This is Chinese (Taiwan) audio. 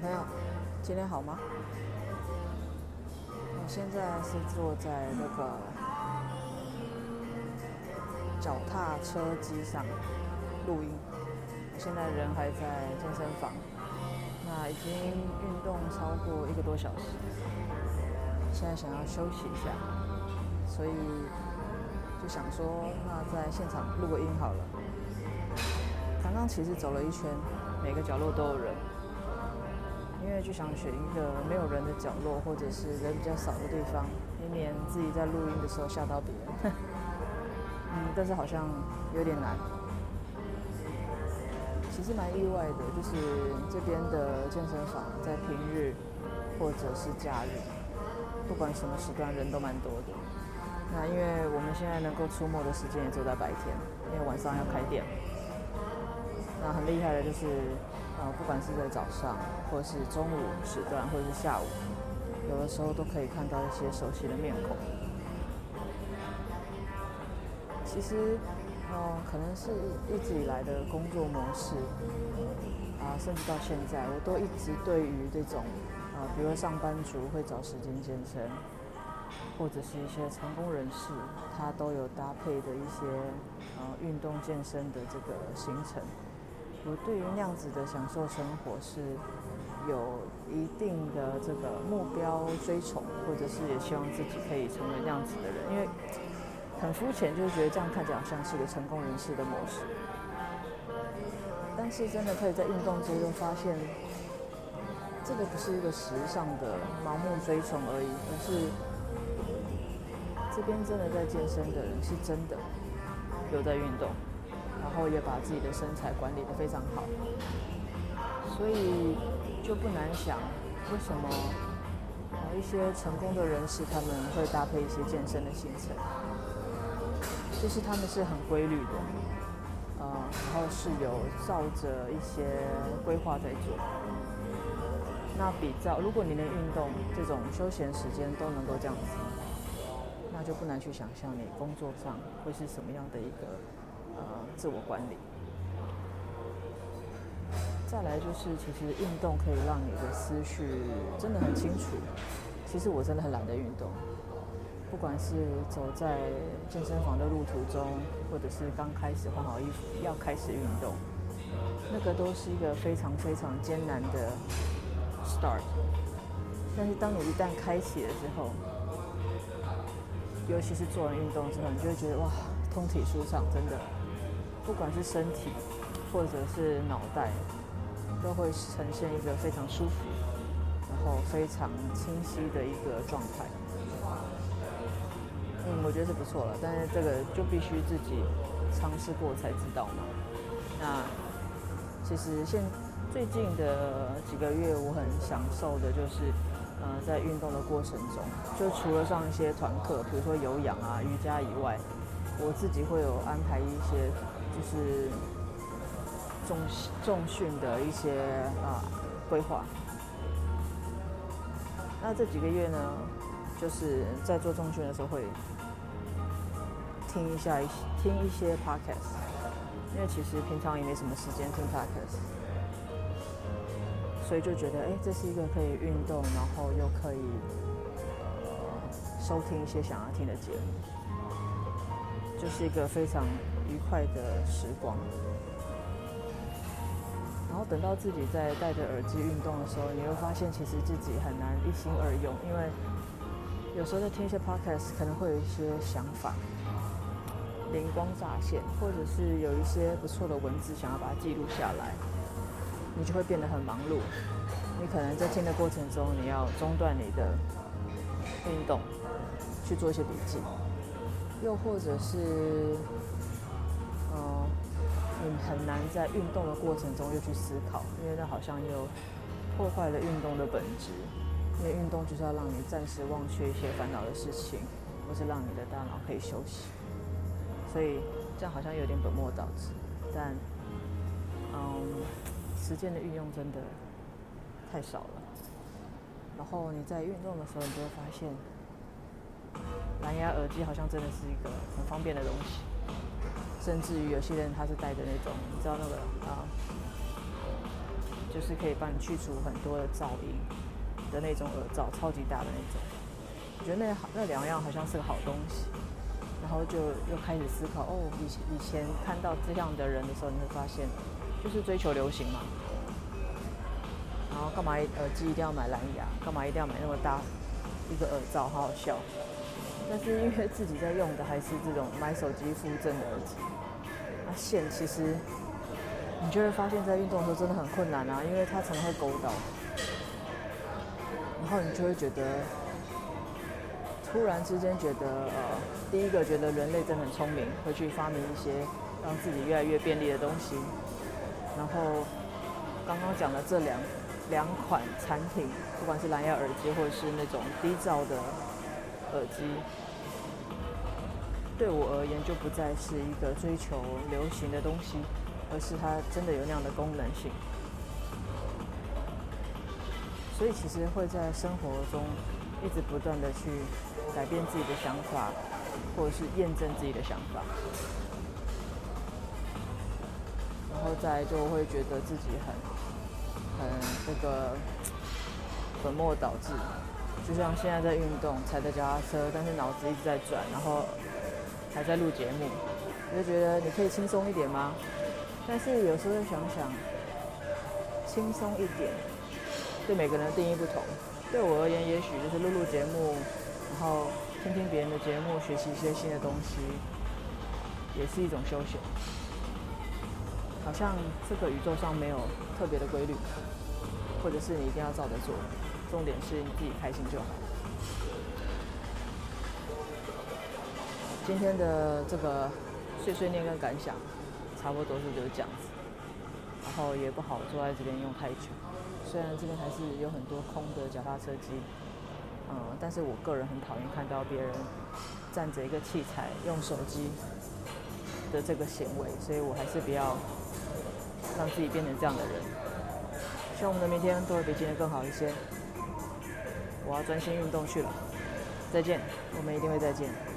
朋友，今天好嗎？我現在是坐在那個、嗯、腳踏車機上錄音。我現在人還在健身房，那已經運動超過一個多小時，現在想要休息一下，所以就想說那在現場錄個音好了。剛剛其實走了一圈，每個角落都有人。因為就想選一個沒有人的角落，或者是人比較少的地方，以免自己在錄音的時候嚇到別人。 嗯，但是好像有點難。其實蠻意外的，就是這邊的健身房在平日或者是假日，不管什麼時段人都蠻多的。那因為我們現在能夠出沒的時間也都在白天，因為晚上要開店。那很厲害的就是。啊、呃，不管是在早上，或者是中午時段，或者是下午，有的時候都可以看到一些熟悉的面孔。其實，嗯、呃，可能是一直以來的工作模式，啊、呃，甚至到現在，我都一直對於這種，啊、呃，比如上班族會找時間健身，或者是一些成功人士，他都有搭配的一些，啊、呃，運動健身的這個行程。我對於那樣子的享受生活是有一定的這個目標追崇，或者是也希望自己可以成為那樣子的人，因為很膚淺，就是覺得這樣看起來好像是個成功人士的模式。但是真的可以在運動之中發現，這個不是一個時尚的盲目追崇而已，而是這邊真的在健身的人是真的有在運動。然後也把自己的身材管理得非常好，所以就不難想，為什麼一些成功的人士他們會搭配一些健身的行程，就是他們是很規律的，呃，然後是有照着一些規劃在做。那比較，如果你連運動這種休閒時間都能夠這樣子，那就不難去想象你工作上會是什麼樣的一個。呃，自我管理。再來就是，其實運動可以讓你的思緒真的很清楚。其實我真的很懶得運動，不管是走在健身房的路途中，或者是剛開始換好衣服要開始運動，那個都是一個非常非常艱難的 start。但是當你一旦開啟了之後，尤其是做完運動之後，你就會覺得哇，通體舒暢，真的。不管是身體，或者是腦袋，都會呈現一個非常舒服，然後非常清晰的一個狀態。嗯，我覺得是不錯了，但是這個就必須自己嘗試過才知道嘛。那其實現最近的幾個月，我很享受的就是，呃，在運動的過程中，就除了上一些團課，比如說有氧啊、瑜伽以外，我自己會有安排一些。就是重訓重訓的一些啊規劃。那這幾個月呢，就是在做重訓的時候會聽一下一些聽一些 podcast，因為其實平常也沒什麼時間聽 podcast，所以就覺得哎、欸，這是一個可以運動，然後又可以、呃、收聽一些想要聽的節目，就是一個非常。愉快的時光。然後等到自己在戴着耳機運動的時候，你會發現其實自己很難一心二用，因為有時候在聽一些 podcast 可能會有一些想法，靈光乍現，或者是有一些不錯的文字想要把它記錄下來，你就會變得很忙碌。你可能在聽的過程中，你要中斷你的運動去做一些筆記，又或者是。很難在運動的過程中又去思考，因為那好像又破壞了運動的本質。因為運動就是要讓你暫時忘卻一些煩惱的事情，或是讓你的大腦可以休息。所以這樣好像有點本末倒置。但，嗯，時間的運用真的太少了。然後你在運動的時候，你就會發現，藍牙耳機好像真的是一個很方便的東西。甚至於有些人他是戴着那種，你知道那個啊，就是可以幫你去除很多的噪音的那種耳罩，超級大的那種。我覺得那好那兩樣好像是個好東西。然後就又開始思考，哦，以以前看到這樣的人的時候，你會發現，就是追求流行嘛。然後幹嘛耳機一定要買藍牙？幹嘛一定要買那麼大一個耳罩？好好笑。但是因為自己在用的還是這種買手機附贈的耳機，那、啊、線其實你就會發現，在運動的時候真的很困難啊，因為它常常會勾到，然後你就會覺得突然之間覺得呃，第一個覺得人類真的很聰明，會去發明一些讓自己越來越便利的東西。然後剛剛講的這兩兩款產品，不管是藍牙耳機或者是那種低噪的。耳機對我而言，就不再是一個追求流行的東西，而是它真的有那樣的功能性。所以，其實會在生活中一直不斷的去改變自己的想法，或者是驗證自己的想法，然後再來就會覺得自己很很這個本末倒置。就像現在在運動，踩着腳踏車，但是腦子一直在轉，然後還在錄節目。你就覺得你可以輕鬆一點嗎？但是有時候就想想，輕鬆一點，對每個人的定義不同。對我而言，也許就是錄錄節目，然後聽聽別人的節目，學習一些新的東西，也是一種休閒。好像這個宇宙上沒有特別的規律，或者是你一定要照着做。重點是你自己開心就好。今天的這個碎碎念跟感想，差不多就是這樣子。然後也不好坐在這邊用太久，雖然這邊還是有很多空的腳踏車機，嗯，但是我個人很討厭看到別人站着一個器材用手機的這個行為，所以我還是不要讓自己變成這樣的人。希望我們的明天都會比今天更好一些。我要專心運動去了，再見，我們一定會再見。